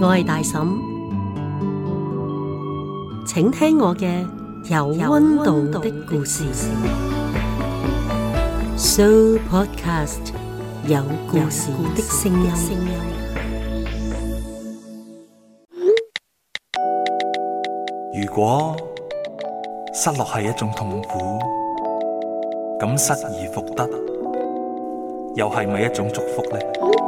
我係大嬸，請聽我嘅有溫度的故事。Show Podcast，有故事的聲音。如果失落係一種痛苦，咁失而復得，又係咪一種祝福呢？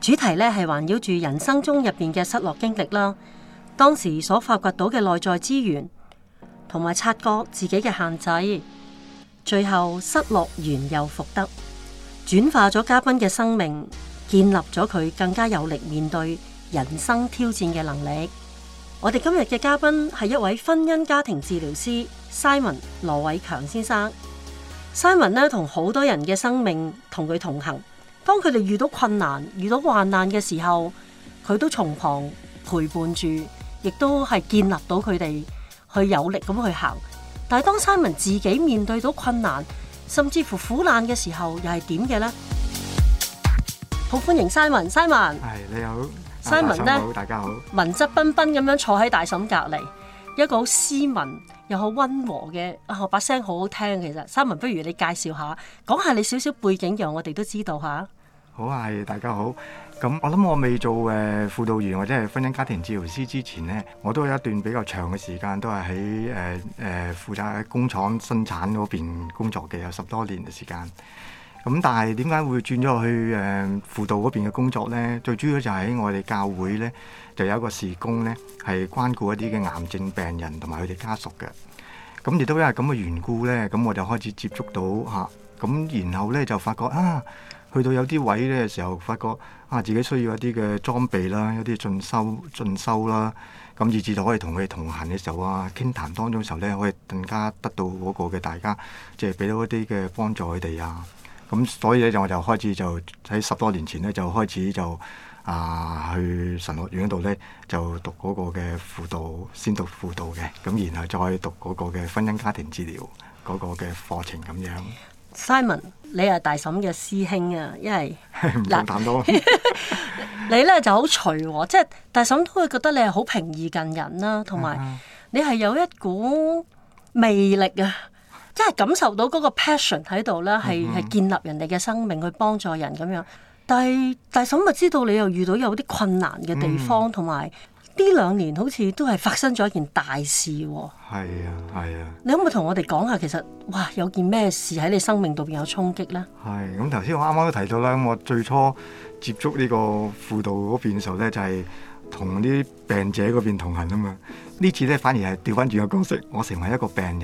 主題咧係環繞住人生中入邊嘅失落經歷啦，當時所發掘到嘅內在資源，同埋察覺自己嘅限制，最後失落完又復得，轉化咗嘉賓嘅生命，建立咗佢更加有力面對人生挑戰嘅能力。我哋今日嘅嘉賓係一位婚姻家庭治療師 Simon 羅偉強先生。Simon 呢，同好多人嘅生命同佢同行。當佢哋遇到困難、遇到患難嘅時候，佢都從旁陪伴住，亦都係建立到佢哋去有力咁去行。但係當 Simon 自己面對到困難，甚至乎苦難嘅時候，又係點嘅呢？好歡迎 Simon，Simon，你好，Simon 咧，呢大家好，文質彬彬咁樣坐喺大嬸隔籬，一個好斯文又好溫和嘅，啊把聲好好聽。其實 Simon，Simon，不如你介紹下，講下你少少背景，讓我哋都知道吓。好啊，係大家好。咁我諗我未做誒輔導員或者係婚姻家庭治療師之前咧，我都有一段比較長嘅時間都係喺誒誒負責喺工廠生產嗰邊工作嘅，有十多年嘅時間。咁但係點解會轉咗去誒輔導嗰邊嘅工作咧？最主要就係我哋教會咧，就有一個事工咧係關顧一啲嘅癌症病人同埋佢哋家屬嘅。咁亦都因為咁嘅緣故咧，咁我就開始接觸到吓咁，然後咧就發覺啊。去到有啲位呢嘅時候，發覺啊，自己需要一啲嘅裝備啦，一啲進修進修啦，咁、啊、以至就可以同佢哋同行嘅時候啊，傾談當中嘅時候呢，可以更加得到嗰個嘅大家，即係俾到一啲嘅幫助佢哋啊。咁、啊、所以呢，就我就開始就喺十多年前呢，就開始就啊去神學院嗰度呢，就讀嗰個嘅輔導，先讀輔導嘅，咁、啊、然後再讀嗰個嘅婚姻家庭治療嗰、嗰個嘅課程咁樣。Simon，你係大嬸嘅師兄啊，因為難談到。你咧就好隨和、啊，即係大嬸都會覺得你係好平易近人啦、啊，同埋你係有一股魅力啊，即係感受到嗰個 passion 喺度咧，係係、嗯嗯、建立人哋嘅生命去幫助人咁樣。但係大嬸咪知道你又遇到有啲困難嘅地方，同埋、嗯。呢兩年好似都係發生咗一件大事喎、哦。係啊，係啊。你可唔可以同我哋講下，其實哇，有件咩事喺你生命度邊有衝擊呢？係咁，頭先我啱啱都提到啦。我最初接觸呢個輔導嗰邊嘅時候咧，就係同啲病者嗰邊同行啊嘛。呢次呢，反而係調翻轉個角色，我成為一個病人。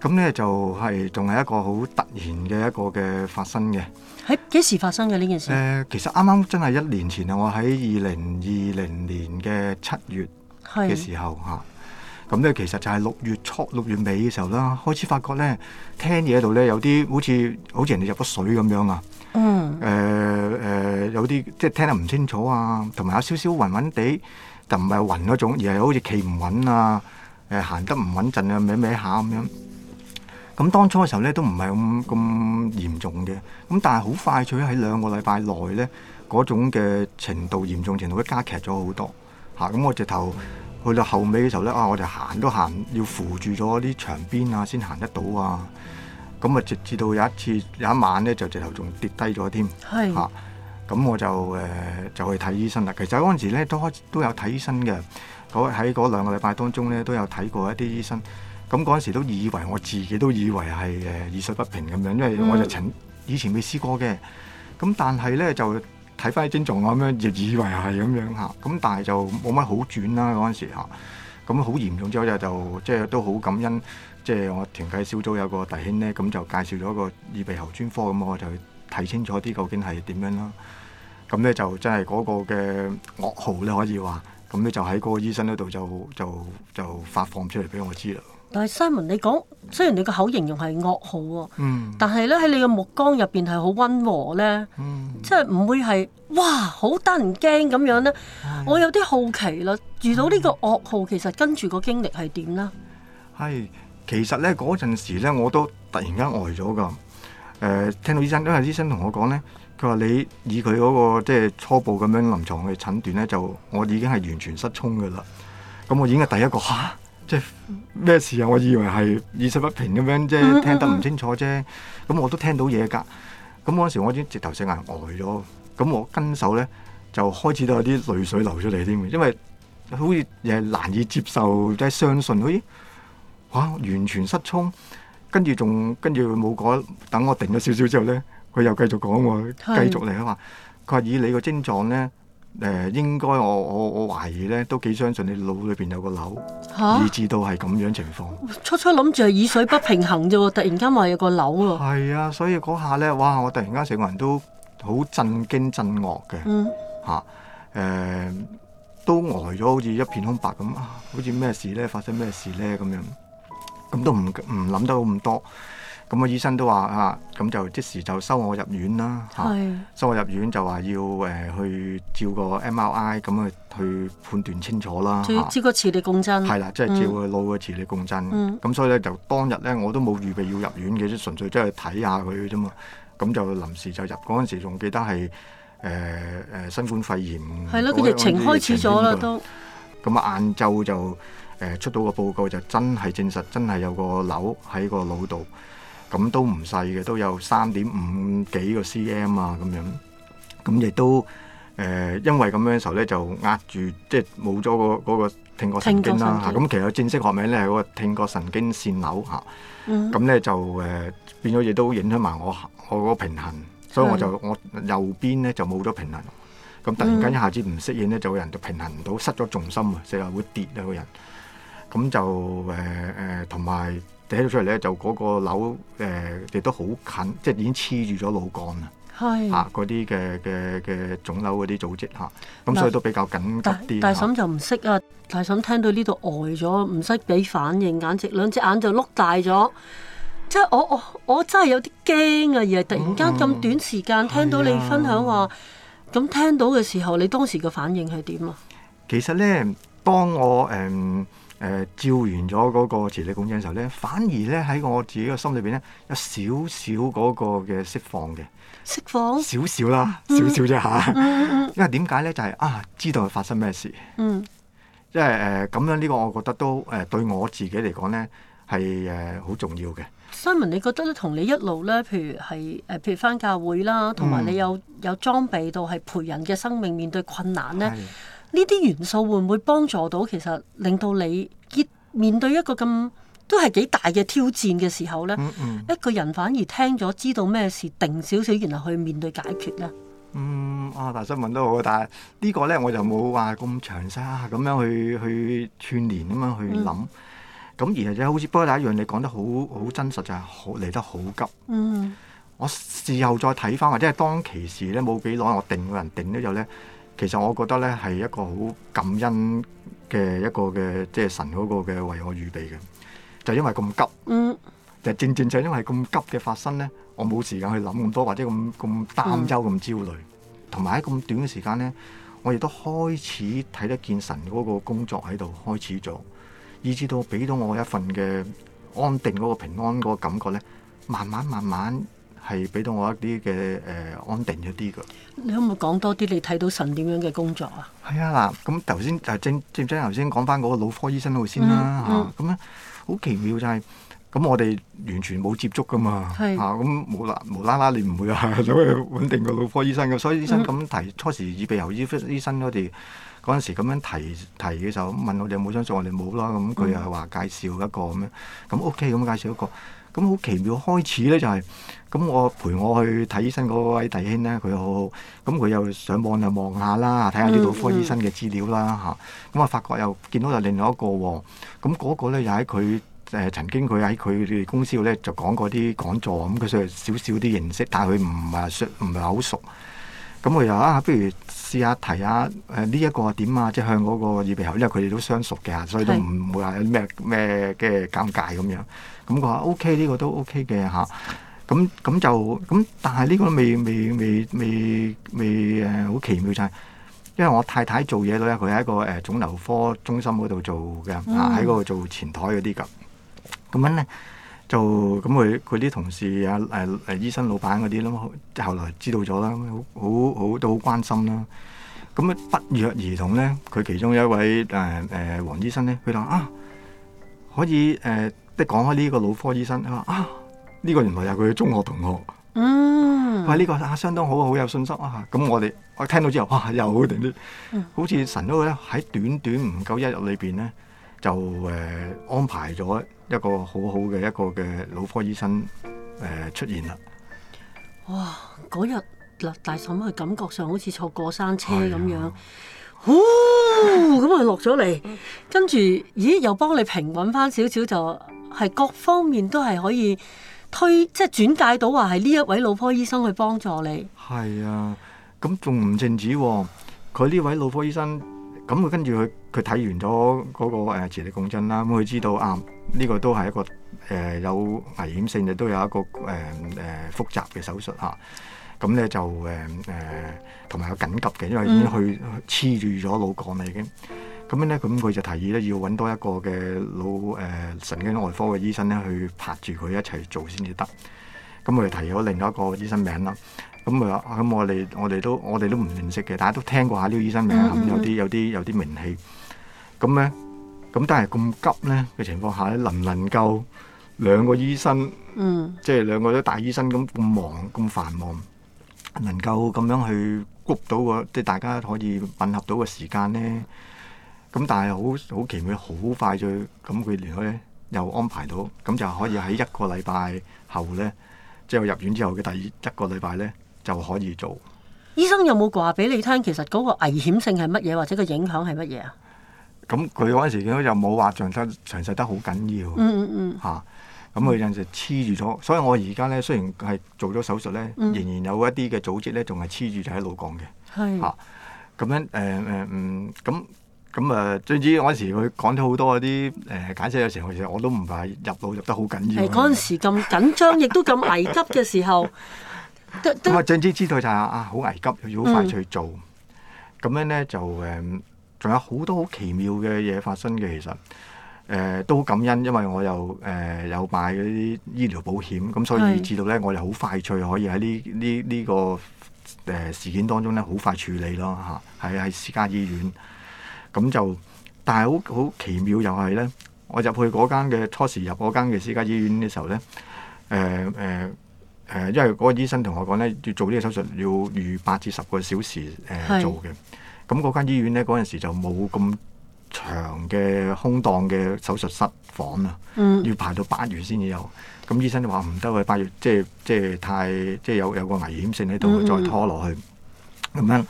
咁呢，就係仲係一個好突然嘅一個嘅發生嘅。喺幾時發生嘅呢件事？誒，其實啱啱真係一年前啊！我喺二零二零年嘅七月嘅時候嚇，咁咧其實就係六月初、六月尾嘅時候啦，開始發覺咧，聽嘢度咧有啲好似好似人哋入咗水咁樣啊！嗯，誒誒，有啲即係聽得唔清楚啊，同埋有少少暈暈地，就唔係暈嗰種，而係好似企唔穩啊，誒行得唔穩陣啊，咩咩下咁樣。咁當初嘅時候咧，都唔係咁咁嚴重嘅，咁但係好快脆喺兩個禮拜內咧，嗰種嘅程度嚴重程度都加劇咗好多嚇。咁、啊、我直頭去到後尾嘅時候咧，啊，我就行都行，要扶住咗啲牆邊啊，先行得到啊。咁啊，直至到有一次有一晚咧，就直頭仲跌低咗添嚇。咁、啊是啊、我就誒、呃、就去睇醫生啦。其實嗰陣時咧都開都有睇醫生嘅，喺嗰兩個禮拜當中咧都有睇過一啲醫生。咁嗰陣時都以為，我自己都以為係誒耳水不平咁樣，因為我就曾以前未試過嘅。咁但係咧就睇翻啲症狀咁樣，亦以為係咁樣嚇。咁但係就冇乜好轉啦，嗰陣時咁好嚴重，之後就即係都好感恩，即係我團契小組有個弟兄咧，咁就介紹咗個耳鼻喉專科咁，嗯，我就睇清楚啲究竟係點樣啦。咁、嗯、咧就真係嗰個嘅噩耗咧可以話，咁、嗯、咧就喺嗰個醫生嗰度就就就，就發放出嚟俾我知啦。但係 Simon，你講雖然你個口形容係噩耗喎，嗯、但係咧喺你嘅目光入邊係好溫和咧，嗯、即係唔會係哇好得人驚咁樣咧。嗯、我有啲好奇啦，遇到呢個噩耗其實跟住個經歷係點呢？係其實咧嗰陣時咧，我都突然間呆咗噶。誒、呃，聽到醫生，因為醫生同我講咧，佢話你以佢嗰、那個即係初步咁樣臨床去診斷咧，就我已經係完全失聰噶啦。咁我已經係第一個嚇。 咩事啊？我以為係耳塞不平咁樣啫，聽得唔清楚啫。咁我都聽到嘢噶。咁嗰時我已經直頭雙眼呆咗。咁我跟手咧就開始都有啲淚水流出嚟，添因為好似嘢難以接受，即係相信佢。哇！完全失聰，跟住仲跟住冇講。等我定咗少少之後咧，佢又繼續講我，繼續嚟啊嘛。佢話以你個症狀咧。誒、呃，應該我我我懷疑咧，都幾相信你腦裏邊有個瘤，啊、以至到係咁樣情況。初初諗住係以水不平衡啫喎， 突然間話有個瘤喎、啊。係啊，所以嗰下咧，哇！我突然間成個人都好震驚震愕嘅。嗯。嚇、啊呃！都呆咗，好似一片空白咁。好似咩事咧？發生咩事咧？咁樣，咁都唔唔諗得咁多。咁個醫生都話啊，咁就即時就收我入院啦。啊、的收我入院就話要誒去照個 MRI 咁去去判斷清楚啦。照個磁力共振。係啦的，嗯、即係照個腦嘅磁力共振。咁、嗯嗯、所以咧，就當日咧我都冇預備要入院嘅，即純粹即係睇下佢啫嘛。咁就臨時就入。嗰陣時仲記得係誒誒新冠肺炎。係咯，個疫情開始咗啦 modeled 都。咁啊，晏晝就誒出到個報告，就真係證實，真係有個瘤喺個腦度。咁都唔細嘅，都有三點五幾個 cm 啊咁樣。咁亦都誒、呃，因為咁樣嘅時候咧，就壓住即係冇咗個嗰、那個聽覺神經啦嚇。咁、啊、其實正式學名咧係嗰個聽覺神經線瘤嚇。咁、啊、咧、嗯、就誒、呃、變咗亦都影響埋我我個平衡，所以我就是我右邊咧就冇咗平衡。咁突然間一下子唔適應咧，就個人就平衡唔到，失咗重心啊，成日會跌啊個人。咁就誒誒同埋。呃呃睇到出嚟咧，就嗰個瘤誒亦都好近，即係已經黐住咗腦幹啦。係是啊，嗰啲嘅嘅嘅腫瘤嗰啲組織嚇，咁、啊嗯、所以都比較緊急啲。大嬸就唔識啊，大嬸聽到呢度呆咗，唔識俾反應，簡直兩隻眼就碌大咗。即係我我我真係有啲驚啊！而係突然間咁短時間聽到你分享話，咁、嗯啊、聽到嘅時候你當時嘅反應係點啊？其實咧，當我誒。嗯誒、呃、照完咗嗰個磁力共振嘅時候咧，反而咧喺我自己嘅心裏邊咧，有少少嗰個嘅釋放嘅，釋放少少啦，少少啫嚇。因為點解咧？就係、是、啊，知道發生咩事。嗯。即係誒咁樣呢個，我覺得都誒、呃、對我自己嚟講咧係誒好重要嘅。Simon，你覺得咧同你一路咧，譬如係誒，譬如返教會啦，同埋你有、嗯、有裝備到係陪人嘅生命面對困難咧。是呢啲元素會唔會幫助到其實令到你結面對一個咁都係幾大嘅挑戰嘅時候呢，嗯嗯、一個人反而聽咗知道咩事定少少，然後去面對解決呢？嗯，阿、啊、大新聞都好，但係呢個呢，我就冇話咁詳細咁樣去去串連咁樣去諗。咁、嗯、而係者好似不過第一樣你講得好好真實就係好嚟得好急。嗯、我事後再睇翻或者係當其時咧冇幾耐，我定個人，人定咗之後呢。其實我覺得咧係一個好感恩嘅一個嘅即係神嗰個嘅為我預備嘅，就因為咁急，嗯、就正正就係因為咁急嘅發生咧，我冇時間去諗咁多或者咁咁擔憂咁焦慮，同埋喺咁短嘅時間咧，我亦都開始睇得見神嗰個工作喺度開始做，以至到俾到我一份嘅安定嗰個平安嗰個感覺咧，慢慢慢慢。係俾到我一啲嘅誒安定一啲㗎。你可唔可以講多啲？你睇到神點樣嘅工作啊？係啊嗱，咁頭先誒正正正頭先講翻嗰個腦科醫生嗰度先啦、啊、嚇，咁樣好奇妙就係、是、咁，我哋完全冇接觸㗎嘛。係咁冇啦無啦啦，端端你唔會嚇、啊、咁 穩定個腦科醫生㗎。所以醫生咁提、嗯、初時預備由醫夫醫生我哋嗰陣時咁樣提提嘅時候，問我哋有冇相信我哋冇啦。咁佢又話介紹一個咁樣，咁 OK 咁介紹一個。嗯嗯那 OK，那咁好奇妙開始咧就係、是，咁我陪我去睇醫生嗰位弟兄咧，佢好好，咁佢又上網又望下啦，睇下呢度科醫生嘅資料啦嚇，咁、嗯嗯、啊我發覺又見到有另外一個喎，咁、啊、嗰、那個咧又喺佢誒曾經佢喺佢哋公司度咧就講過啲講座，咁佢雖然少少啲認識，但係佢唔係唔係好熟。咁佢就啊，不如試下提下誒呢一個點啊，即係向嗰個耳鼻喉，因為佢哋都相熟嘅，所以都唔會話咩咩嘅尷尬咁樣。咁佢話 OK，呢個都 OK 嘅嚇。咁咁就咁，但係呢個未未未未未誒，好奇妙就係，因為我太太做嘢咧，佢喺一個誒腫瘤科中心嗰度做嘅，喺嗰度做前台嗰啲㗎。咁樣咧就咁佢佢啲同事啊誒誒醫生老闆嗰啲啦，後來知道咗啦，好好好都好關心啦。咁啊不約而同咧，佢其中一位誒誒黃醫生咧，佢話啊可以誒。即係講開呢個腦科醫生，佢啊呢、呢個原來有佢嘅中學同學，嗯，喂呢、呢個、啊、相當好，好有信心啊！咁我哋我聽到之後，哇、啊、又好似、啊、神咗佢咧，喺短短唔夠一日裏邊咧，就誒、呃、安排咗一個好好嘅一個嘅腦科醫生誒、呃、出現啦！哇！嗰日嗱，大嬸佢感覺上好似坐過山車咁樣，咁啊落咗嚟，跟住咦又幫你平穩翻少少就。係各方面都係可以推，即係轉介到話係呢一位腦科醫生去幫助你。係啊，咁仲唔淨止、喎？佢呢位腦科醫生，咁佢跟住佢，佢睇完咗嗰、那個誒磁力共振啦，咁佢知道啊，呢、這個都係一個誒、呃、有危險性嘅，都有一個誒誒、呃、複雜嘅手術吓。咁咧就誒誒，同埋有緊急嘅，因為已經去黐住咗腦幹嚟嘅。咁咧，咁佢就提議咧，要揾多一個嘅腦誒神經外科嘅醫生咧，去拍住佢一齊做先至得。咁我哋提咗另外一個醫生名啦。咁佢話，咁我哋我哋都我哋都唔認識嘅，大家都聽過下呢個醫生名，咁有啲有啲有啲名氣。咁咧，咁但係咁急咧嘅情況下咧，能唔能夠兩個醫生，嗯，即係兩個都大醫生咁咁忙咁繁忙，能夠咁樣去谷到個即係大家可以吻合到個時間咧？咁但係好好奇妙好快就咁佢嚟咧又安排到，咁就可以喺一個禮拜後咧，即係入院之後嘅第二一個禮拜咧就可以做。醫生有冇話俾你聽？其實嗰個危險性係乜嘢，或者個影響係乜嘢啊？咁佢嗰陣時咧又冇話詳細詳細得好緊要。嗯嗯嗯。咁佢陣時黐住咗，所以我而家咧雖然係做咗手術咧，仍然有一啲嘅組織咧仲係黐住就喺腦幹嘅。係是。嚇、啊！咁樣誒誒、呃呃呃、嗯咁。咁啊！總之嗰時佢講咗好多嗰啲誒解釋，有時候其實我都唔係入腦入得好緊要。誒嗰、欸、時咁緊張，亦 都咁危急嘅時候，咁啊總之知道就係啊好危急，要好快脆做。咁樣咧就誒，仲、嗯嗯、有好多好奇妙嘅嘢發生嘅，其實誒、呃、都好感恩，因為我又誒、呃、有買嗰啲醫療保險，咁的所以至到咧，我哋好快脆可以喺呢呢呢個誒事件當中咧，好快處理咯嚇，喺喺私家醫院。咁就，但係好好奇妙又係咧，我入去嗰間嘅初時入嗰間嘅私家醫院嘅時候咧，誒誒誒，因為嗰個醫生同我講咧，要做呢個手術要預八至十個小時誒、呃、做嘅，咁嗰是間醫院咧嗰陣時就冇咁長嘅空檔嘅手術室房啦，要排到八月先至有，咁、嗯、醫生就話唔得喎，八月即係即係太即係有有個危險性喺度，嗯、再拖落去，咁樣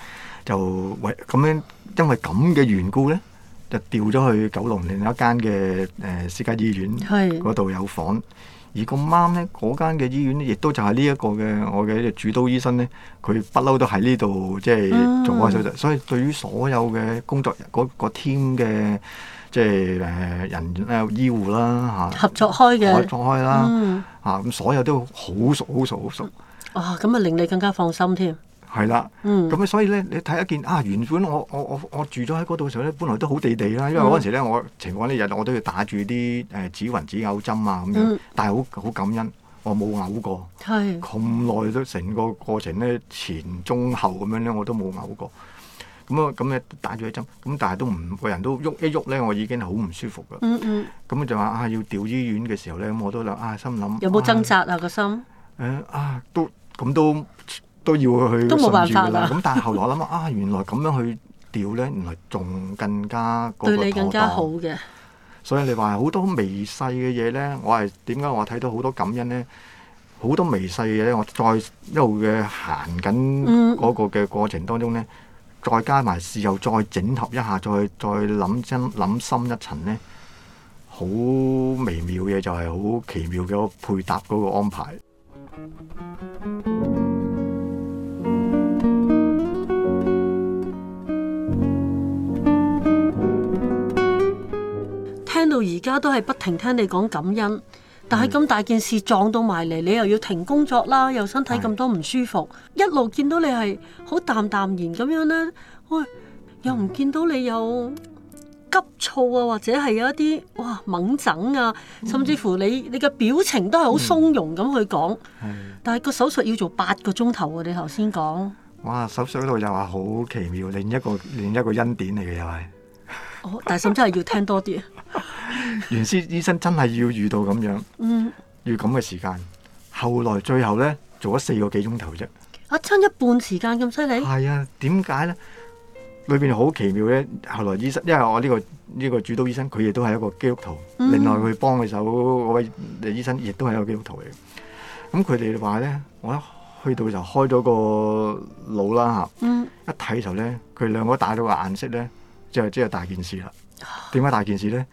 就為咁樣。因為咁嘅緣故咧，就調咗去九龍另一間嘅誒私家醫院，係嗰度有房。而咁啱咧，嗰間嘅醫院咧，亦都就係呢一個嘅我嘅主刀醫生咧，佢不嬲都喺呢度即係做開手術。嗯、所以對於所有嘅工作人嗰、嗰個 team 嘅即係誒人員咧醫護啦吓，合作開嘅合作開啦吓咁、嗯、所有都好熟好熟好熟。哇！咁啊、哦、令你更加放心添。係啦，咁、啊、所以咧，你睇一件啊，原本我我我我住咗喺嗰度嘅時候咧，本來都好地地啦，因為嗰陣時咧，我情況呢、嗯，日日我都要打住啲誒止暈止嘔針啊咁樣，但係好好感恩，我冇嘔過，咁耐都成個過程咧，前中後咁樣咧，我都冇嘔過。咁啊，咁咧打住一針，咁但係都唔，個人都喐一喐咧，我已經好唔舒服㗎。咁、嗯嗯嗯、rust 就話啊，要調醫院嘅時候咧，咁我都啊心諗有冇掙扎啊個心？誒啊，啊，啊，啊，啊，都咁、啊、都。啊都都要去順住㗎喇。咁但係後來我諗啊，原來咁樣去調呢，原來仲更加對你更加好嘅。所以你話好多微細嘅嘢呢，我係點解我睇到好多感恩呢？好多微細嘅嘢呢，我再一路嘅行緊嗰個嘅過程當中呢，再加埋試又再整合一下，再再諗深諗深一層呢，好微妙嘅嘢就係好奇妙嘅配搭嗰個安排。到而家都係不停聽你講感恩，但係咁大件事撞到埋嚟，你又要停工作啦，又身體咁多唔舒服，的一路見到你係好淡淡然咁樣呢，喂、哎，又唔見到你有急躁啊，或者係有一啲哇猛憎啊，甚至乎你你嘅表情都係好鬆容咁去講。的但係個手術要做八個鐘頭啊！你頭先講，哇，手術呢度又話好奇妙，另一個另一個恩典嚟嘅又係。哦、大嬸真係要聽多啲， 原先醫生真係要遇到咁樣，嗯、要咁嘅時間。後來最後咧，做咗四個幾鐘頭啫。啊，差一半時間咁犀利？係啊，點解咧？裏邊好奇妙咧。後來醫生，因為我呢、這個呢、這個主刀醫生，佢亦都係一個基督徒。嗯、另外，佢幫佢手，時候，嗰位醫生亦都係一個基督徒嚟。咁佢哋話咧，我一去到就開咗個腦啦吓。嗯、一睇就咧，佢兩個打咗個顏色咧。即係即係大件事啦！點解大件事咧？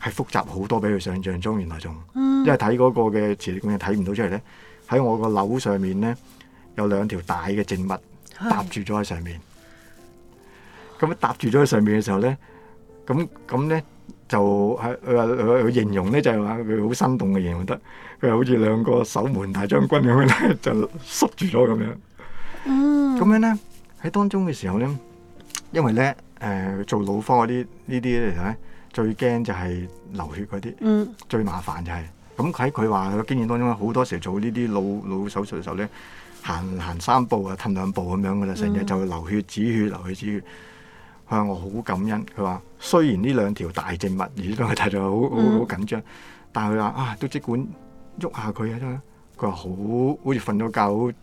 係複雜好多比，比佢想象中原來仲，因為睇嗰個嘅磁力嘅嘢睇唔到出嚟咧。喺我個樓上面咧，有兩條大嘅靜物搭住咗喺上面。咁樣是、嗯、搭住咗喺上面嘅時候咧，咁咁咧就係佢佢佢形容咧就係話佢好生動嘅形容得。佢、mm. 好似兩個守門大將軍咁樣咧，就縮住咗咁樣。嗯。 咁樣咧喺當中嘅時候咧，因為咧。誒、呃、做腦科嗰啲呢啲嚟睇，最驚就係流血嗰啲，嗯、最麻煩就係、是。咁喺佢話嘅經驗當中，好多時候做呢啲腦腦手術嘅時候咧，行行三步啊，褪兩步咁樣噶啦，成日就流血止血，流血止血。佢話我好感恩，佢話雖然呢兩條大靜脈，而家我睇到好好好緊張，嗯、但係佢話啊，都即管喐下佢啊，佢話好好似瞓咗覺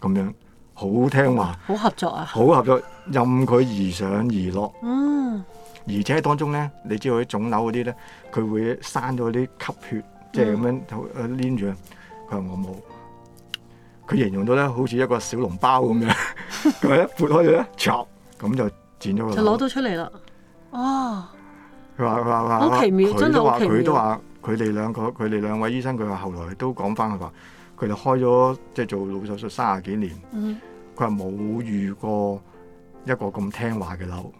咁樣。好聽話，好合作啊！好合作，任佢而上而落。嗯。而且當中咧，你知道嗰啲腫瘤嗰啲咧，佢會生咗啲吸血，即係咁樣好誒黏住。佢話我冇。佢形容到咧，好似一個小籠包咁樣，佢 一撥開咗，拆咁就剪咗佢。就攞到出嚟啦。哦。佢話話話話。哦、說好奇妙真係好奇妙。佢都話，佢哋兩個，佢哋兩位醫生，佢話後來都講翻佢話。佢就開咗即係做腦手術三十幾年，佢係冇遇過一個咁聽話嘅瘤。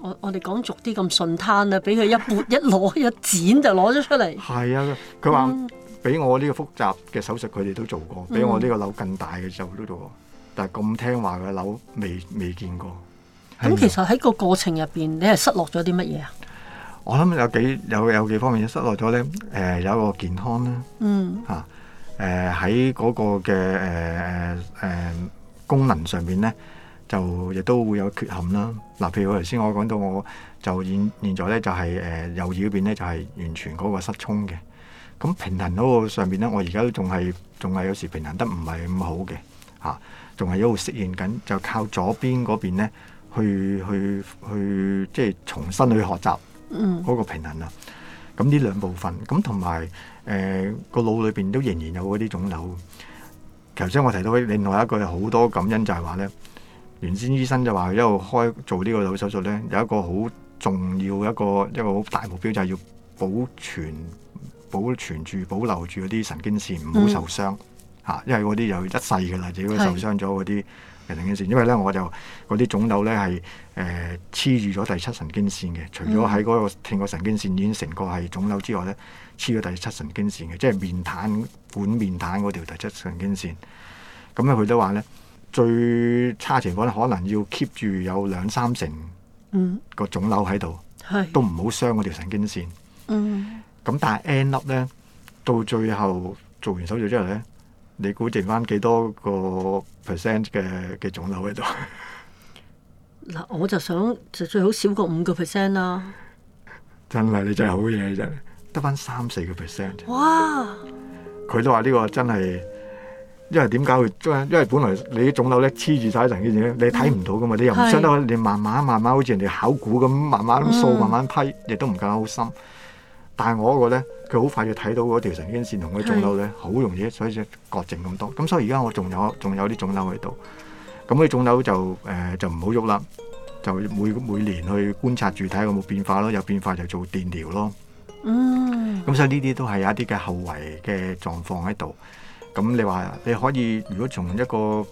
我我哋講俗啲咁順攤啦，俾佢一撥一攞一剪就攞咗出嚟。係啊，佢話俾我呢個複雜嘅手術佢哋都做過，比我呢個瘤更大嘅時候呢度，但係咁聽話嘅瘤未未見過。咁其實喺個過程入邊，你係失落咗啲乜嘢啊？我諗有幾有有幾方面，失落咗咧。誒，有一個健康啦，嗯，吓。誒喺嗰個嘅誒誒功能上面咧，就亦都會有缺陷啦。嗱，譬如我頭先我講到，我就現現在咧就係誒右耳邊咧就係完全嗰個失聰嘅。咁平衡嗰個上邊咧，我而家都仲係仲係有時平衡得唔係咁好嘅嚇，仲係一路適應緊，就靠左邊嗰邊咧去去去即係重新去學習嗰個平衡啊。嗯咁呢兩部分，咁同埋誒個腦裏邊都仍然有嗰啲腫瘤。頭先我提到另外一個好多感恩就係話咧，原先醫生就話一路開做呢個腦手術咧，有一個好重要一個一個好大目標就係、是、要保存、保存住、保留住嗰啲神經線唔好受傷嚇，嗯、因為嗰啲有一世噶啦，如果受傷咗嗰啲。神經線，因為咧我就嗰啲腫瘤咧係誒黐住咗第七神經線嘅。除咗喺嗰個整個神經線已經成個係腫瘤之外咧，黐咗第七神經線嘅，即係面攤管面攤嗰條第七神經線。咁咧佢都話咧，最差情況可能要 keep 住有兩三成個腫瘤喺度，嗯、都唔好傷嗰條神經線。咁、嗯嗯、但係 N 粒咧，到最後做完手術之後咧。你估剩翻幾多個 percent 嘅嘅腫瘤喺度？嗱，我就想就最好少過五個 percent 啦。啊、真係你真係好嘢，真得翻三四個 percent。哇！佢都話呢個真係，因為點解？因為因為本來你啲腫瘤咧黐住晒成件事，嘢，你睇唔到噶嘛，嗯、你又唔想得，是你慢慢慢慢好似人哋考古咁，慢慢掃、慢慢批，亦、嗯、都唔夠好深。但係我嗰個咧。佢好快就睇到嗰條神經線同嗰啲腫瘤咧，好是容易，所以就割淨咁多。咁所以而家我仲有仲有啲腫瘤喺度，咁啲腫瘤就誒、呃、就唔好喐啦，就每每年去觀察住睇有冇變化咯，有變化就做電療咯。嗯，咁所以呢啲都係有一啲嘅後遺嘅狀況喺度。咁你話你可以如果從一個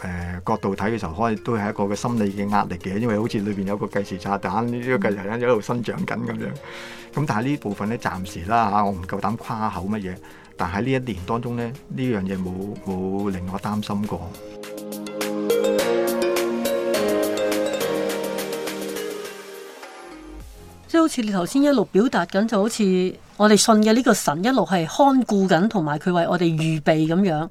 誒、呃、角度睇嘅時候，可以都係一個嘅心理嘅壓力嘅，因為好似裏邊有個計時炸彈，呢、這個計時彈一路生長緊咁樣。咁但係呢部分咧，暫時啦嚇，我唔夠膽誇口乜嘢。但係呢一年當中咧，呢樣嘢冇冇令我擔心過。即係好似你頭先一路表達緊，就好似我哋信嘅呢個神一路係看顧緊，同埋佢為我哋預備咁樣。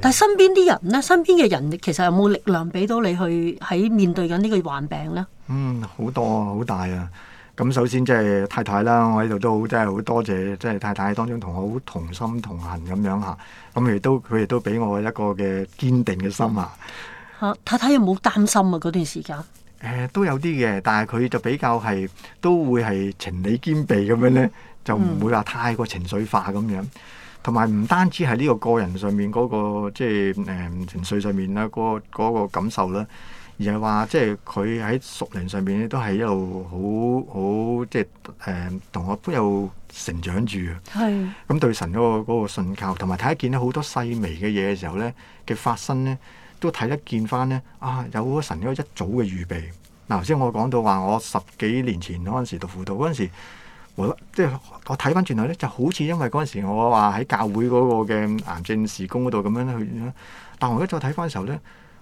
但係身邊啲人咧，身邊嘅人其實有冇力量俾到你去喺面對緊呢個患病咧？嗯，好多啊，好大啊！咁首先即係太太啦，我喺度都真係好多謝，即係太太當中同我好同心同行咁樣吓。咁亦都佢亦都俾我一個嘅堅定嘅心啊！吓，太太有冇擔心啊？嗰段時間誒，都有啲嘅，但係佢就比較係都會係情理兼備咁樣咧，嗯嗯、就唔會話太過情緒化咁樣。同埋唔單止係呢個個人上面嗰、嗰個即係誒情緒上面啦、嗰個，個、嗰、嗰個感受啦，而係話即係佢喺熟齡上面咧，都係一路好好即係誒同我都有成長住嘅。係是。咁對神嗰、嗰個嗰個信靠，同埋睇見咧好多細微嘅嘢嘅時候咧嘅發生咧，都睇得見翻咧啊！有咗神呢嗰一組嘅預備。嗱頭先我講到話，我十幾年前嗰陣時讀輔導嗰陣時。即我即係我睇翻轉頭咧，就好似因為嗰陣時我話喺教會嗰個嘅癌症事工嗰度咁樣去。但我而家再睇翻嘅時候咧，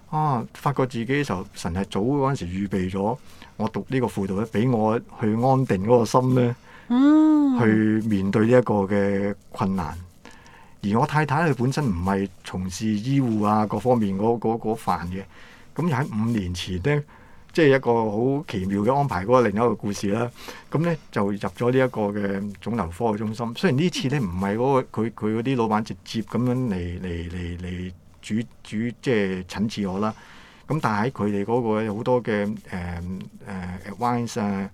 啊發覺自己嘅時候，神係早嗰陣時預備咗我讀呢個輔導咧，俾我去安定嗰個心咧，mm. 去面對呢一個嘅困難。而我太太佢本身唔係從事醫護啊各方面嗰嗰嗰範嘅，咁又喺五年前咧。即係一個好奇妙嘅安排嗰個另一個故事啦、啊。咁咧就入咗呢一個嘅腫瘤科嘅中心。雖然次呢次咧唔係嗰個佢佢嗰啲老闆直接咁樣嚟嚟嚟嚟主主即係、就是、診治我啦。咁但係佢哋嗰個有好多嘅誒誒、呃啊、advice 啊，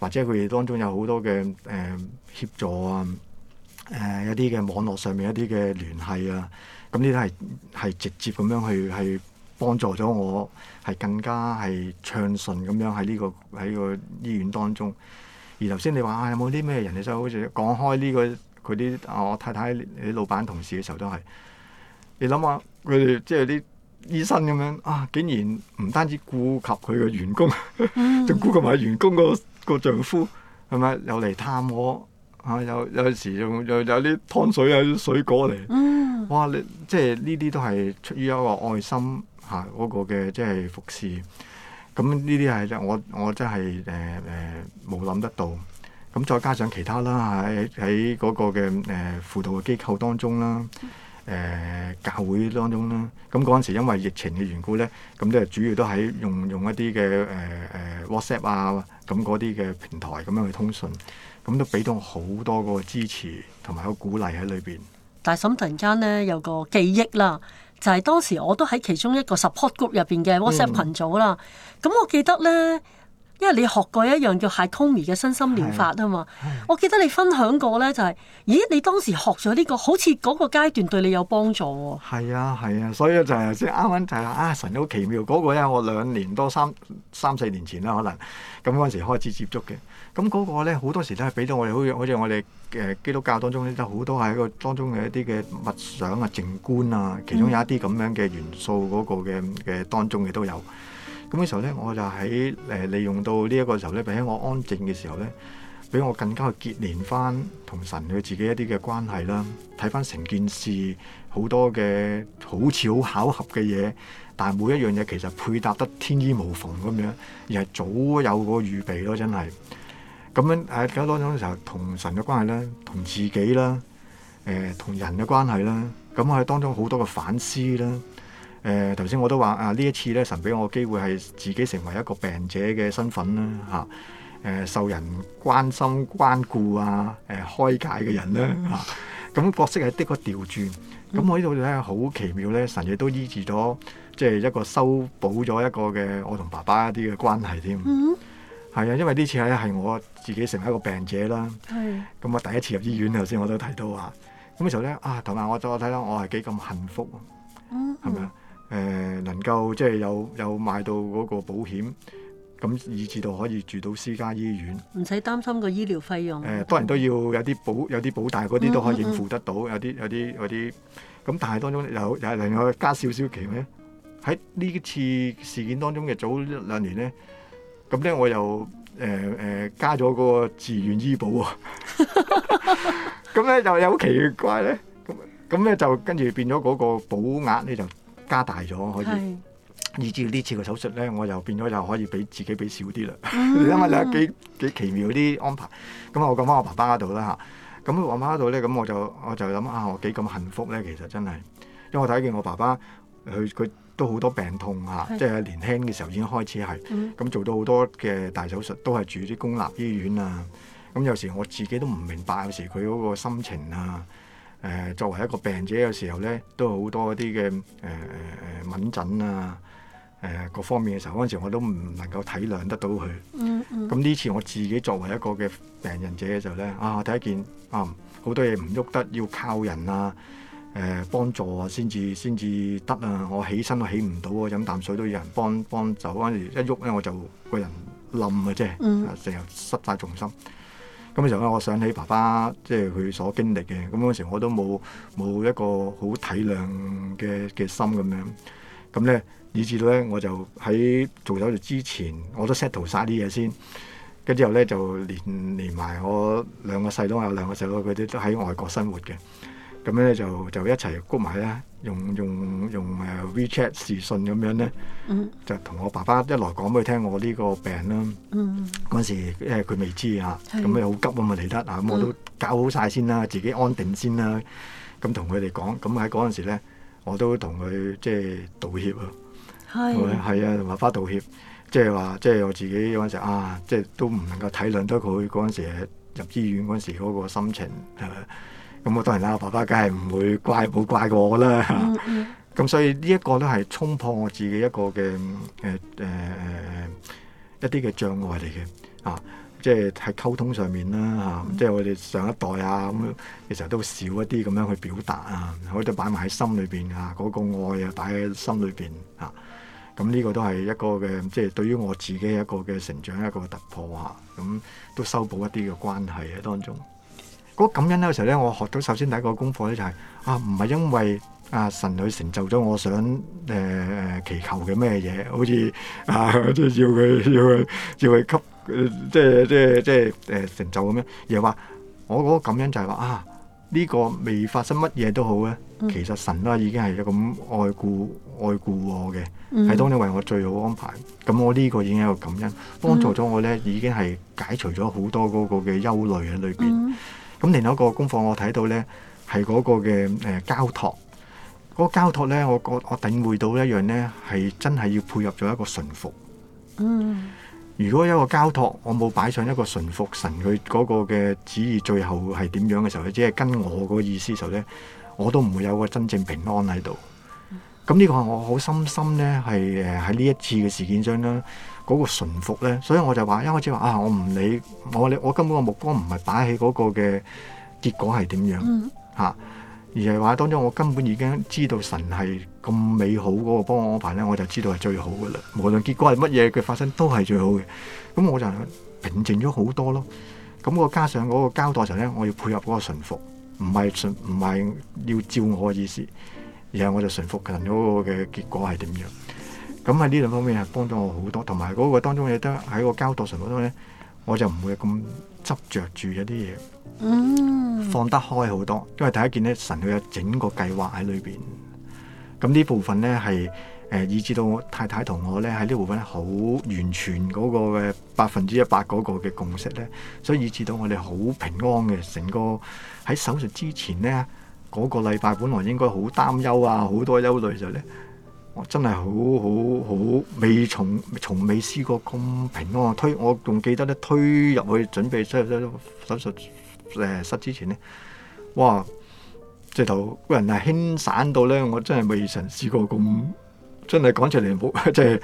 或者佢哋當中有好多嘅誒、呃、協助啊，誒、呃、一啲嘅網絡上面一啲嘅聯繫啊。咁呢啲係係直接咁樣去去。幫助咗我係更加係暢順咁樣喺呢個喺個醫院當中。而頭先你話啊，有冇啲咩人嘅心？你好似講開呢、呢個佢啲、啊、我太太啲老闆同事嘅時候都係。你諗下佢哋即係啲醫生咁樣啊，竟然唔單止顧及佢嘅員工，仲 顧及埋員工個個丈夫係咪？又嚟探我啊。有有時仲仲有啲湯水啊，啲水果嚟。嗯，哇！你即係呢啲都係出於一個愛心。嚇嗰個嘅即係服侍，咁呢啲係我我真係誒誒冇諗得到。咁再加上其他啦，喺喺嗰個嘅誒、呃、輔導嘅機構當中啦，誒、呃、教會當中啦，咁嗰陣時因為疫情嘅緣故咧，咁都係主要都喺用用一啲嘅誒誒 WhatsApp 啊咁嗰啲嘅平台咁樣去通訊，咁都俾到好多個支持同埋個鼓勵喺裏邊。大嬸突然間咧有個記憶啦～就係當時我都喺其中一個 support group 入邊嘅 WhatsApp 羣、嗯、組啦，咁我記得呢。因為你學過一樣叫海 m y 嘅身心療法啊嘛，嗎啊我記得你分享過咧，就係、是，咦？你當時學咗呢、這個，好似嗰個階段對你有幫助喎、哦。係啊，係啊，所以就係頭先啱啱就係、是、啊，神好奇妙嗰、那個咧，我兩年多三三四年前啦，可能咁嗰陣時開始接觸嘅，咁、那、嗰個咧好多時都係俾到我哋好似好似我哋誒基督教當中咧都好多一個當中嘅一啲嘅物想啊、靜觀啊，其中有一啲咁樣嘅元素嗰個嘅嘅當中嘅都有。嗯咁嗰時候咧，我就喺誒、呃、利用到呢一個時候咧，俾起我安靜嘅時候咧，俾我更加去結連翻同神佢自己一啲嘅關係啦，睇翻成件事好多嘅好似好巧合嘅嘢，但係每一樣嘢其實配搭得天衣無縫咁樣，樣，而係早有個預備咯，真係。咁樣誒，喺當中嘅時候同神嘅關係咧，同自己啦，誒、呃、同人嘅關係啦，咁喺當中好多嘅反思啦。誒，頭先我都話啊，呢一次咧，神俾我個機會係自己成為一個病者嘅身份啦，嚇。誒，受人關心關顧啊，誒、啊、開解嘅人啦，嚇。咁角色係的確調轉咁，嗯嗯、我呢度咧，好奇妙咧，神亦都醫治咗，即係一個修補咗一個嘅我同爸爸一啲嘅關係添。嗯，係啊，因為呢次咧係我自己成為一個病者啦。咁、嗯、我第一次入醫院頭先我都提到啊，咁嘅時候咧啊同埋、啊、我再睇到我係、啊、幾咁幸福、啊。嗯、啊。係咪 誒、呃、能夠即係有有買到嗰個保險，咁以至到可以住到私家醫院，唔使擔心個醫療費用。誒、呃，當然都要有啲保，有啲保大嗰啲都可以應付得到。嗯嗯嗯有啲有啲有啲，咁但係當中有又能夠加少少期咧。喺呢次事件當中嘅早兩年咧，咁咧我又誒誒、呃呃、加咗個自願醫保喎。咁 咧 就又好奇怪咧，咁咁咧就跟住變咗嗰個保額咧就。加大咗可以，以是至呢次嘅手術咧，我變又變咗就可以俾自己俾少啲啦，因為咧幾幾奇妙啲安排。咁啊，我講翻我爸爸嗰度啦嚇，咁我爸爸嗰度咧，咁我就我就諗啊，我幾咁幸福咧，其實真係，因為我睇見我爸爸佢佢都好多病痛嚇，即係是年輕嘅時候已經開始係咁、嗯嗯、做到好多嘅大手術，都係住啲公立醫院啊。咁有時我自己都唔明白，有時佢嗰個心情啊。誒、呃、作為一個病者，嘅時候咧都好多啲嘅誒誒誒敏疹啊，誒、呃、各方面嘅時候，嗰陣時我都唔能夠體諒得到佢。咁呢、嗯嗯嗯、次我自己作為一個嘅病人者嘅時候咧，啊，第一件啊好多嘢唔喐得，要靠人啊誒幫、呃、助先至先至得啊！我起身都起唔到，啊，飲啖水都要人幫幫手。嗰陣時一喐咧，我就個人冧嘅啫，成日失晒重心。嗯咁嗰時咧，我想起爸爸即係佢所經歷嘅。咁嗰時我都冇冇一個好體諒嘅嘅心咁樣。咁咧，以至到咧，我就喺做手術之前，我都 settle 曬啲嘢先。跟之後咧，就連連埋我兩個細佬啊，我有兩個細佬佢哋都喺外國生活嘅。咁樣咧就就一齊 group 埋啦，用用用誒 WeChat 視訊咁樣咧，就同我爸爸一來講俾佢聽我呢個病啦。嗰陣、嗯、時，因為佢未知啊，咁啊好急啊嘛嚟得啊，咁、嗯、我都搞好晒先啦，自己安定先啦，咁同佢哋講。咁喺嗰陣時咧，我都同佢即係道歉是啊，係啊，同爸爸道歉，即係話即係我自己嗰陣時啊，即、就、係、是、都唔能夠體諒到佢嗰陣時入醫院嗰陣時嗰個心情係咪？咁我當然啦，爸爸梗係唔會怪冇怪過我啦。咁、嗯嗯、 所以呢一個都係衝破我自己一個嘅誒誒一啲嘅障礙嚟嘅啊，即係喺溝通上面啦啊，嗯、即係我哋上一代啊咁，嗯、其實都少一啲咁樣去表達、嗯、啊，好多擺埋喺心裏邊啊，嗰、那個愛啊擺喺心裏邊啊，咁呢個都係一個嘅，即、就、係、是、對於我自己一個嘅成長一個突破啊，咁都修補一啲嘅關係喺當中。嗰感恩咧，嘅時候咧，我學到首先第一個功課咧，就係啊，唔係因為啊神佢成就咗我想誒祈求嘅咩嘢，好似啊即係要佢要佢要佢給即係即係即係誒成就咁樣。而係話我嗰個感恩就係話啊，呢個未發生乜嘢都好咧，其實神都係已經係咁愛顧愛顧我嘅，係當你為我最好安排。咁我呢個已經係一個感恩幫助咗我咧，已經係解除咗好多嗰個嘅憂慮喺裏邊。咁另外一個功課我睇到咧，係嗰個嘅誒交託，嗰、嗰個交託咧，我覺我領會到一樣咧，係真係要配合咗一個順服。嗯，如果一個交託，我冇擺上一個順服神佢嗰個嘅旨意，最後係點樣嘅時候，即係跟我個意思嘅時候咧，我都唔會有個真正平安喺度。咁呢個係我好深深咧，係誒喺呢一次嘅事件上咧，嗰個順服咧，所以我就話一開始話啊，我唔理我我根本個目光唔係擺喺嗰個嘅結果係點樣嚇，而係話當中我根本已經知道神係咁美好嗰個幫我安排咧，我就知道係最好噶啦。無論結果係乜嘢佢發生都係最好嘅，咁我就平靜咗好多咯。咁我加上嗰個交代時咧，我要配合嗰個順服，唔係順，唔係要照我嘅意思。然後我就順服神嗰個嘅結果係點樣？咁喺呢兩方面係幫咗我好多，同埋嗰個當中亦都喺個交託上嗰度咧，我就唔會咁執着住一啲嘢，放得開好多。因為第一件咧，神佢有整個計劃喺裏邊。咁呢部分咧係誒以致到我太太同我咧喺呢部分好完全嗰個嘅百分之一百嗰個嘅共識咧，所以以致到我哋好平安嘅。成個喺手術之前咧。嗰個禮拜本來應該好擔憂啊，好多憂慮就咧，我真係好好好未從從未試過咁平安。推我仲記得咧，推入去準備出出手術誒室之前咧，哇！直頭個人係輕散到咧，我真係未曾試過咁，真係講出嚟冇即係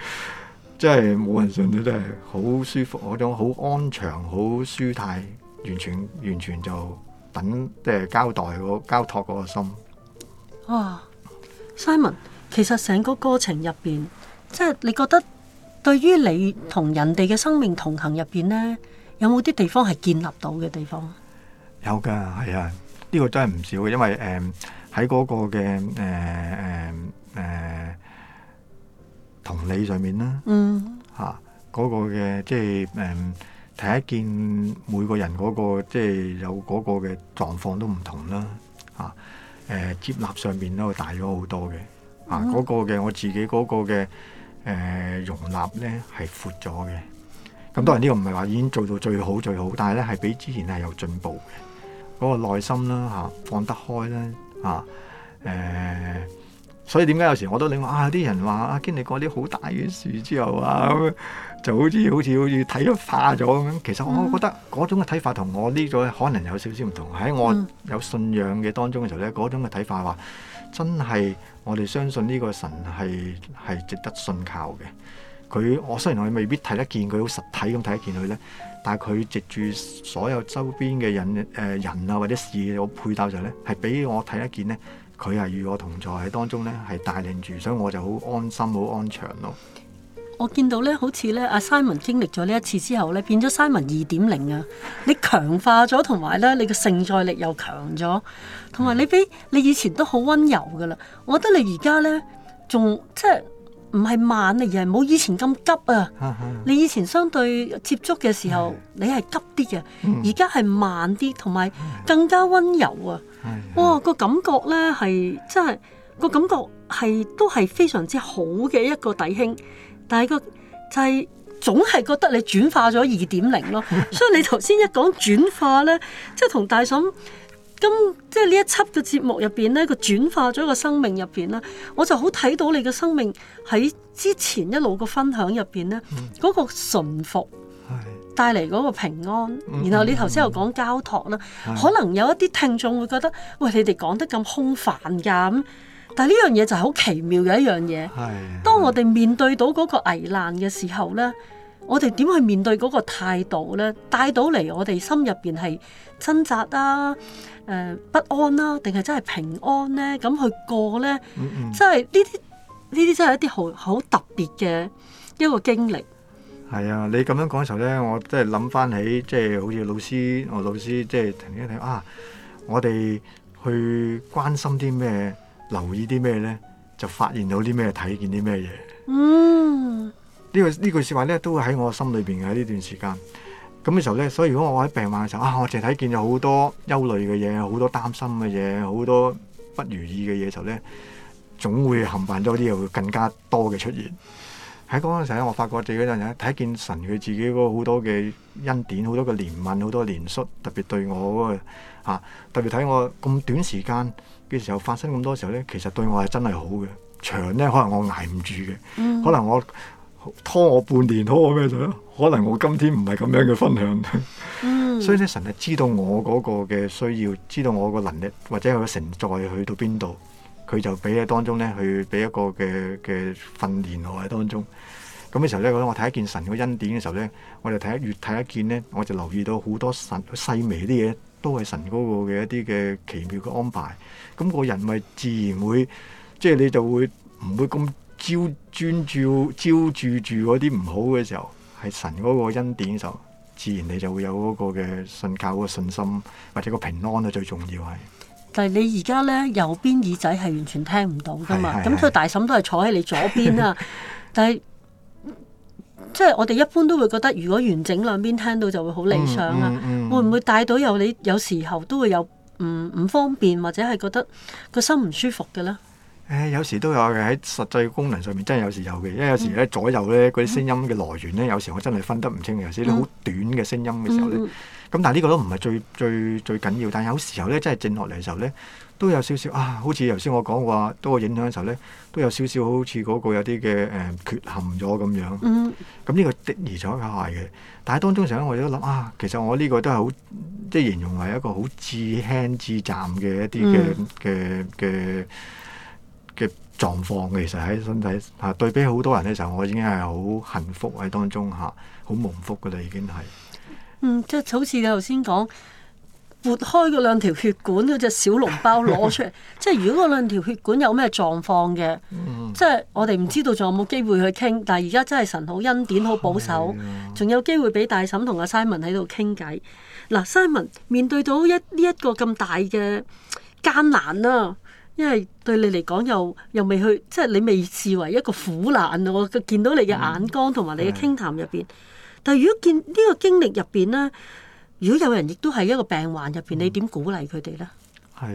即係冇人信嘅，真係好舒服嗰種，好安詳，好舒泰，完全完全就。等即係交代嗰交託嗰個心。哇，Simon，其實成個過程入邊，即係你覺得對於你同人哋嘅生命同行入邊咧，有冇啲地方係建立到嘅地方？有噶，係啊，呢個真係唔少嘅，因為誒喺嗰個嘅誒誒誒同理上面啦，嗯，吓嗰個嘅即係誒。睇一見每個人嗰、那個即係、就是、有嗰個嘅狀況都唔同啦，啊誒、呃、接納上面都會大咗好多嘅，啊嗰、嗯、個嘅我自己嗰個嘅誒、呃、容納咧係闊咗嘅，咁當然呢個唔係話已經做到最好最好，但係咧係比之前係有進步嘅，嗰、那個耐心啦嚇、啊、放得開啦。嚇、啊、誒。呃所以點解有時我都諗話啊，啲人話啊，經歷過啲好大嘅事之後啊，咁就好似好似好似睇咗化咗咁樣。其實我覺得嗰種嘅睇法同我呢個可能有少少唔同。喺我有信仰嘅當中嘅時候咧，嗰種嘅睇法話，真係我哋相信呢個神係係值得信靠嘅。佢我雖然我未必睇得見佢好實體咁睇得見佢咧，但係佢藉住所有周邊嘅人誒、呃、人啊或者事嘅配搭就咧，係俾我睇得見咧。佢係與我同在喺當中咧，係帶領住，所以我就好安心、好安詳咯、哦。我見到咧，好似咧，阿 Simon 經歷咗呢一次之後咧，變咗 Simon 二點零啊！你強化咗，同埋咧，你個承受力又強咗，同埋你比、嗯、你以前都好溫柔噶啦。我覺得你而家咧，仲即係唔係慢啊，而係冇以前咁急啊。哈哈你以前相對接觸嘅時候，的你係急啲嘅，而家係慢啲，同埋更加溫柔啊。哇，個感覺咧係，真係、個感覺係都係非常之好嘅一個弟兄，但係個就係、是、總係覺得你轉化咗二點零咯，所以你頭先一講轉化咧，即係同大嬸，噉即係呢一輯嘅節目入邊咧，個轉化咗個生命入邊咧，我就好睇到你嘅生命喺之前一路嘅分享入邊咧，嗰 個順服。帶嚟嗰個平安，嗯、然後你頭先又講交託啦，嗯、可能有一啲聽眾會覺得，的喂，你哋講得咁空泛噶咁，但係呢樣嘢就係好奇妙嘅一樣嘢。係的，當我哋面對到嗰個危難嘅時候呢，的我哋點去面對嗰個態度呢？帶到嚟我哋心入邊係掙扎啊，誒、呃、不安啦、啊，定係真係平安呢？咁去過呢，即係呢啲呢啲真係一啲好好特別嘅一個經歷。係啊，你咁樣講嘅時候咧，我即係諗翻起，即係好似老師，我老師即係停一停啊！我哋去關心啲咩，留意啲咩咧，就發現到啲咩，睇見啲咩嘢。嗯，呢個、句話呢句呢句説話咧，都會喺我心裏邊嘅呢段時間。咁嘅時候咧，所以如果我喺病患嘅時候啊，我淨係睇見有好多憂慮嘅嘢，好多擔心嘅嘢，好多不如意嘅嘢嘅時候咧，總會含混咗啲，又更加多嘅出現。喺嗰陣時候，我發覺自己嗰陣時睇見神佢自己嗰好多嘅恩典，好多嘅憐憫，好多嘅憐恤，特別對我嗰個、啊、特別睇我咁短時間嘅時候發生咁多時候咧，其實對我係真係好嘅。長咧，可能我捱唔住嘅，嗯、可能我拖我半年，拖我咩咗？可能我今天唔係咁樣嘅分享。呵呵嗯、所以咧，神係知道我嗰個嘅需要，知道我個能力或者佢嘅承載去到邊度。佢就俾喺當中咧，去俾一個嘅嘅訓練我喺當中。咁嘅時候咧，我睇一件神個恩典嘅時候咧，我就睇得越睇一見咧，我就留意到好多神細微啲嘢，都係神嗰個嘅一啲嘅奇妙嘅安排。咁個人咪自然會，即係你就會唔會咁焦專注、焦注住嗰啲唔好嘅時候，係神嗰個恩典嘅時候，自然你就會有嗰個嘅信靠嗰個信心或者個平安啊，最重要係。但係你而家咧，右邊耳仔係完全聽唔到㗎嘛？咁佢是大嬸都係坐喺你左邊啊。 但係即係我哋一般都會覺得，如果完整兩邊聽到就會好理想啊。嗯嗯嗯、會唔會帶到有你有時候都會有唔唔、嗯、方便，或者係覺得個心唔舒服嘅咧？誒、欸，有時都有嘅。喺實際功能上面，真係有時有嘅。因為有時咧，左右咧嗰啲聲音嘅來源咧，有時我真係分得唔清。有時你好短嘅聲音嘅時候咧。嗯嗯嗯咁但係呢個都唔係最最最緊要，但係有時候咧真係靜落嚟嘅時候咧，都有少少啊，好似頭先我講過話我影響嘅時候咧，都有少少好似嗰個有啲嘅誒缺陷咗咁樣。嗯。咁呢、嗯嗯這個的而且係嘅，但係當中嘅時候咧，我亦都諗啊，其實我呢個都係好，即係形容為一個好自輕自賤嘅一啲嘅嘅嘅嘅狀況嘅，其實喺身體嚇、啊、對比好多人嘅時候，我已經係好幸福喺當中嚇，好、啊、蒙福嘅啦，已經係。嗯，即係好似你頭先講，撥開嗰兩條血管，嗰隻小籠包攞出嚟。即係如果嗰兩條血管有咩狀況嘅，嗯，即係我哋唔知道仲有冇機會去傾。但係而家真係神好恩典好保守，仲有機會俾大嬸同阿 Simon 喺度傾偈。嗱，Simon 面對到一呢一個咁大嘅艱難啦，因為對你嚟講又又未去，即係你未視為一個苦難。我見到你嘅眼光同埋你嘅傾談入邊。嗯但係如果見呢個經歷入邊咧，如果有人亦都係一個病患入邊，你點鼓勵佢哋咧？係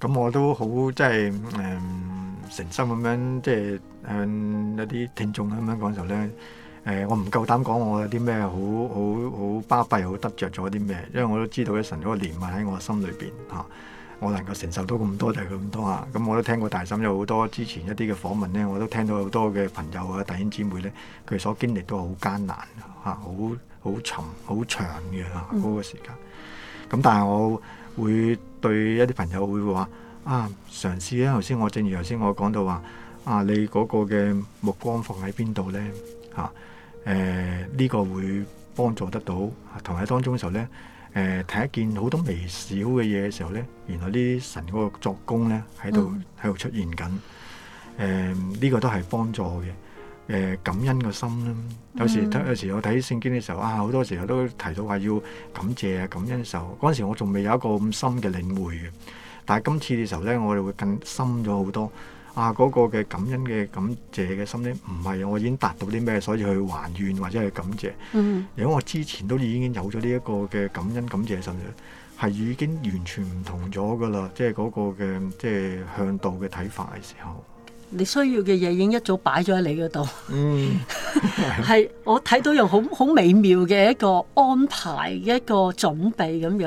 咁、嗯嗯，我都好即係誒，誠、嗯、心咁樣即係向一啲聽眾咁樣講嘅時候咧，誒、嗯，我唔夠膽講我有啲咩好好好巴閉，好，好，好得着咗啲咩，因為我都知道一神嗰個憐憫喺我心裏邊吓、啊，我能夠承受到咁多就係、是、咁多啊。咁、嗯、我都聽過大心有好多之前一啲嘅訪問咧，我都聽到好多嘅朋友啊、弟兄姊妹咧，佢所經歷都好艱難。啊，好好沉好長嘅啦，嗰、啊嗰個時間。咁但係我會對一啲朋友會話啊，嘗試咧。頭先我正如頭先我講到話啊，你嗰個嘅目光放喺邊度咧？嚇誒呢個會幫助得到。同、啊、喺當中嘅時候咧，誒、呃、睇一件好多微小嘅嘢嘅時候咧，原來啲神嗰個作工咧喺度喺度出現緊。誒呢、嗯啊呢個都係幫助嘅。誒感恩嘅心啦，有時有時我睇聖經嘅時候啊，好多時候都提到話要感謝啊感恩嘅時候，嗰陣時我仲未有一個咁深嘅領會嘅，但係今次嘅時候咧，我哋會更深咗好多。啊，嗰個嘅感恩嘅感謝嘅心咧，唔係我已經達到啲咩，所以去還願或者係感謝。嗯。如果我之前都已經有咗呢一個嘅感恩感謝心咧，係已經完全唔同咗噶啦，即係嗰個嘅即係向道嘅睇法嘅時候。你需要嘅嘢已經一早擺咗喺你嗰度。係、嗯、 我睇到用好好美妙嘅一個安排，一個準備咁樣。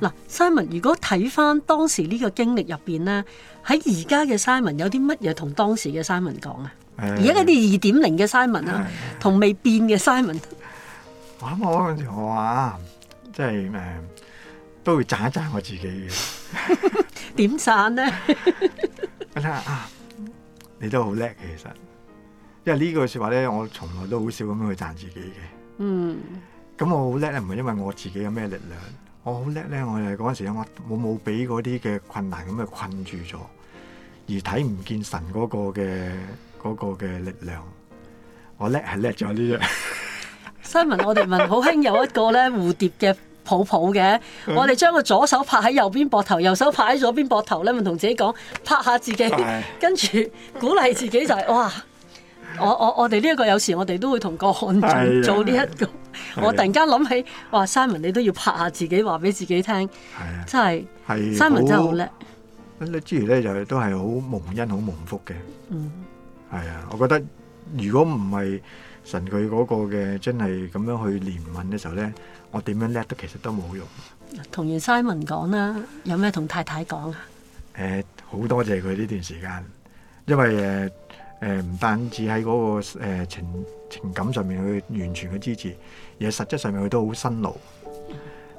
嗱、嗯、Simon，如果睇翻當時呢個經歷入邊咧，喺而家嘅 Simon 有啲乜嘢同當時嘅 Simon 講啊？而家嗰啲二點零嘅 Simon 啦，同未變嘅 Simon、嗯、我嗰陣時我話即係誒、嗯、都會讚一讚我自己嘅。點 讚咧？啊啊！你都好叻，其實，因為呢句説話咧，我從來都好少咁樣去讚自己嘅。嗯，咁我好叻唔係因為我自己有咩力量，我好叻咧，我哋嗰陣時咧，我冇冇俾嗰啲嘅困難咁嘅困住咗，而睇唔見神嗰個嘅嗰個嘅力量，我叻係叻咗呢樣。Simon，我哋問，好興有一個咧蝴蝶嘅。抱抱嘅，我哋將個左手拍喺右邊膊頭，嗯、右手拍喺左邊膊頭咧，咪同自己講，拍下自己，是跟住鼓勵自己就係哇！我我我哋呢一個有時我哋都會同個漢做呢一個，我突然間諗起，哇！Simon 你都要拍下自己，話俾自己聽，係啊，真係係 Simon 真係好叻。咁之餘咧，就都係好蒙恩，好蒙福嘅。嗯，係啊，我覺得如果唔係神佢嗰個嘅真係咁樣去憐憫嘅時候咧。我點樣叻都其實都冇用。同完 Simon 講啦，有咩同太太講啊？誒、呃，好多謝佢呢段時間，因為誒誒唔單止喺嗰個、呃、情情感上面佢完全嘅支持，而係實質上面佢都好辛勞。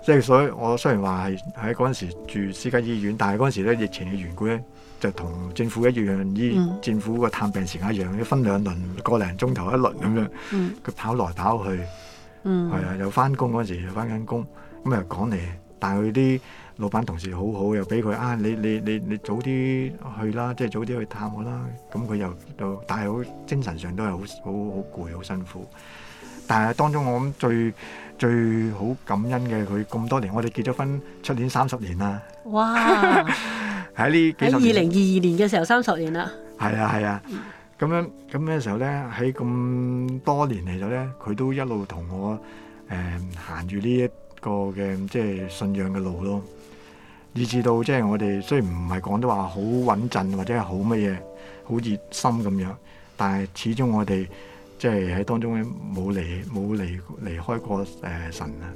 即係、嗯、所以，所以我雖然話係喺嗰陣時住私家醫院，但係嗰陣時咧疫情嘅緣故咧，就同政府一樣，醫、嗯、政府個探病時間一樣，分兩輪個零鐘頭一輪咁樣，佢、嗯、跑來跑去。係、嗯、啊，又翻工嗰時又翻緊工，咁又趕嚟。但係佢啲老闆同事好好，又俾佢啊！你你你你早啲去啦，即係早啲去探我啦。咁佢又到，但係好精神上都係好好好攰，好辛苦。但係當中我諗最最好感恩嘅，佢咁多年，我哋結咗婚出年三哇 十年啦。哇！喺呢喺二零二二年嘅時候，三十年啦。係啊，係啊。咁樣咁嘅時候咧，喺咁多年嚟到咧，佢都一路同我誒行住呢一個嘅即係信仰嘅路咯。以至到即係我哋雖然唔係講得話好穩陣，或者係好乜嘢好熱心咁樣，但係始終我哋即係喺當中咧冇離冇離離開過誒神啊。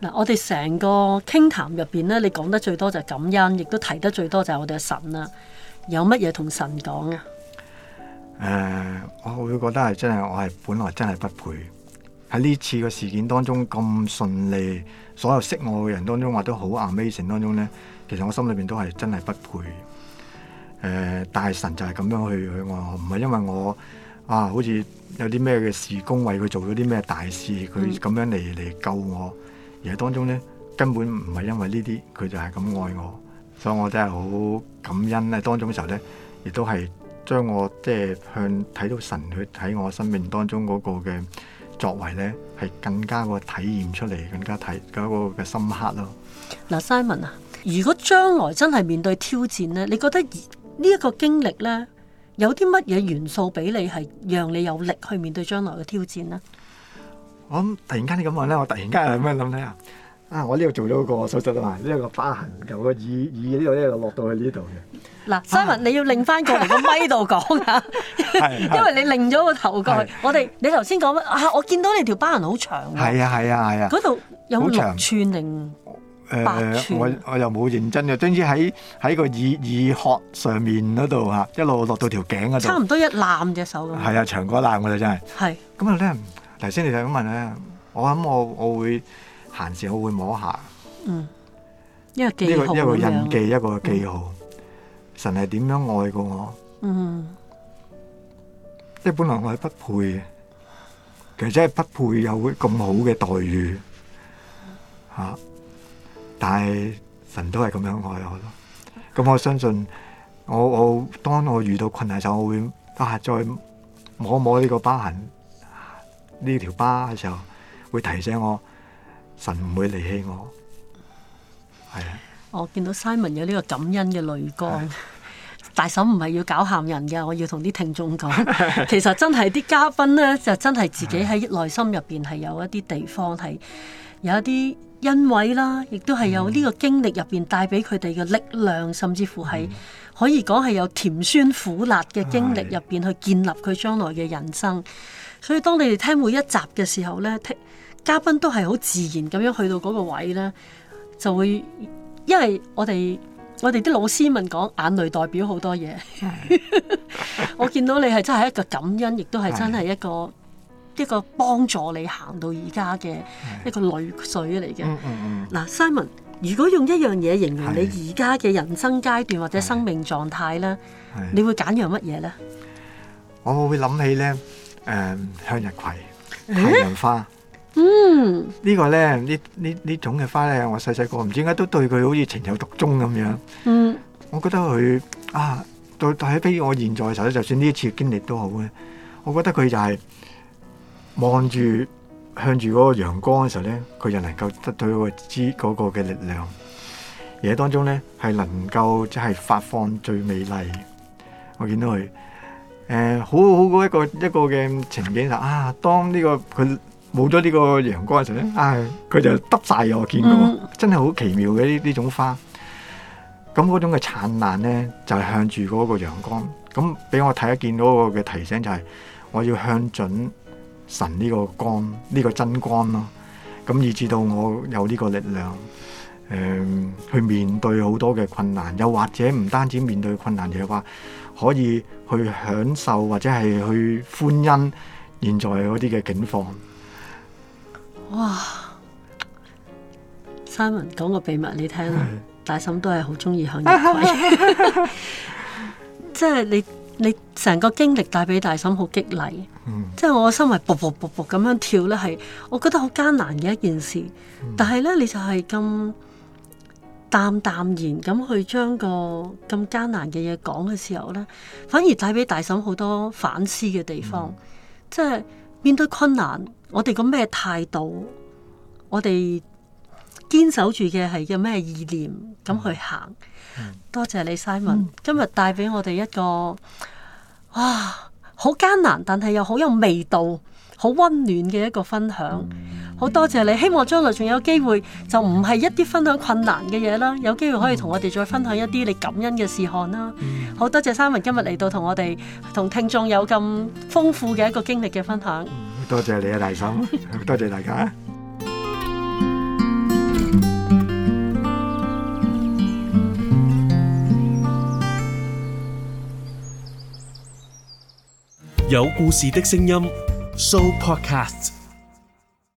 嗱，我哋成個傾談入邊咧，你講得最多就係感恩，亦都提得最多就係我哋嘅神啦。有乜嘢同神講啊？誒、呃，我會覺得係真係我係本來真係不配喺呢次個事件當中咁順利，所有識我嘅人當中，或者都好 Amazing 當中咧。其實我心裏面都係真係不配。誒、呃，但神就係咁樣去去愛我，唔係因為我啊，好似有啲咩嘅事工為佢做咗啲咩大事，佢咁樣嚟嚟救我。嗯、而喺當中咧，根本唔係因為呢啲，佢就係咁愛我，所以我真係好感恩咧。當中嘅時候咧，亦都係。將我即係向睇到神血喺我生命當中嗰個嘅作為咧，係更加個體驗出嚟，更加睇嗰個嘅深刻咯。嗱，Simon 啊，如果將來真係面對挑戰咧，你覺得呢一個經歷咧，有啲乜嘢元素俾你係讓你有力去面對將來嘅挑戰呢？我諗突然間你咁問咧，我突然間係咩諗咧啊？啊，我呢度做咗個，做咗手術啦嘛，呢、這個花痕，有個耳耳呢度咧，就落到去呢度嘅。嗱，Simon，你要擰翻過嚟個咪度講啊，因為你擰咗個頭過去，我哋你頭先講乜啊？我見到你條疤痕好長㗎，係啊係啊係啊，嗰度有六寸定八寸？我我又冇認真嘅，總之喺喺個耳耳殼上面嗰度嚇，一路落到條頸嗰度，差唔多一攬隻手咁。係啊，長過一攬，我哋真係。係咁啊咧！頭先你想問咧，我諗我我會閒時我會摸下，嗯，一個一個一個印記，一個記號。神係點樣愛過我？嗯哼，即係本來我係不配嘅，其實真係不配有咁好嘅待遇吓，啊，但係神都係咁樣愛我咯。咁、嗯、我相信我，我我當我遇到困難時候，我會啊再摸摸呢個疤痕呢條疤嘅時候，會提醒我神唔會離棄我，係啊。我見到 Simon 有呢個感恩嘅淚光， 大嬸唔係要搞喊人㗎，我要同啲聽眾講，其實真係啲嘉賓呢，就真係自己喺內心入邊係有一啲地方係 有一啲欣慰啦，亦都係有呢個經歷入邊帶俾佢哋嘅力量，甚至乎係 可以講係有甜酸苦辣嘅經歷入邊 去建立佢將來嘅人生。所以當你哋聽每一集嘅時候呢，聽嘉賓都係好自然咁樣去到嗰個位呢，就會。因為我哋我哋啲老師問講，眼淚代表好多嘢， 我見到你係真係一個感恩，亦都係真係一個 一個幫助你行到而家嘅一個淚水嚟嘅。嗱、嗯嗯嗯、Simon，如果用一樣嘢形容你而家嘅人生階段或者生命狀態咧，你會揀樣乜嘢咧？我會諗起咧，誒、呃，向日葵、太陽花。嗯，呢個咧，呢呢呢種嘅花咧，我細細個唔知點解都對佢好似情有獨鍾咁樣。嗯，我、啊，我，我覺得佢啊，到睇翻我現在嘅時候咧，就算呢一次經歷都好咧，我覺得佢就係望住向住嗰個陽光嘅時候咧，佢就能夠得到、那個知嗰個嘅力量，而喺當中咧，係能夠即係發放最美麗。我見到佢誒、呃，好好個一個一個嘅情景就是、啊，當呢、這個佢。冇咗呢個陽光嘅時候，唉、哎，佢就得晒。我見到真係好奇妙嘅呢呢種花。咁嗰種嘅燦爛咧，就係、是、向住嗰個陽光。咁俾我睇一看見到嗰個嘅提醒就係、是、我要向準神呢個光呢、這個真光咯。咁以至到我有呢個力量，誒、呃、去面對好多嘅困難，又或者唔單止面對困難，亦話可以去享受或者係去歡欣現在嗰啲嘅景況。哇！Simon 講個秘密你聽啦，的大嬸都係好中意向日葵， 即係你你成個經歷帶俾大嬸好激勵，嗯、即係我心為噗噗噗噗咁樣跳咧，係我覺得好艱難嘅一件事，嗯、但係咧你就係咁淡淡然咁去將個咁艱難嘅嘢講嘅時候咧，反而帶俾大嬸好多反思嘅地方，嗯、即係面對困難。我哋個咩態度？我哋堅守住嘅係有咩意念？咁去行。多謝你，Simon，、嗯、今日帶俾我哋一個，哇，好艱難，但係又好有味道，好溫暖嘅一個分享。好，嗯、多謝你，希望將來仲有機會，就唔係一啲分享困難嘅嘢啦，有機會可以同我哋再分享一啲你感恩嘅事項啦。好，嗯、多謝 Simon 今日嚟到同我哋同聽眾有咁豐富嘅一個經歷嘅分享。多謝你啊，大心！多謝大家。有故事的聲音，Show Podcast。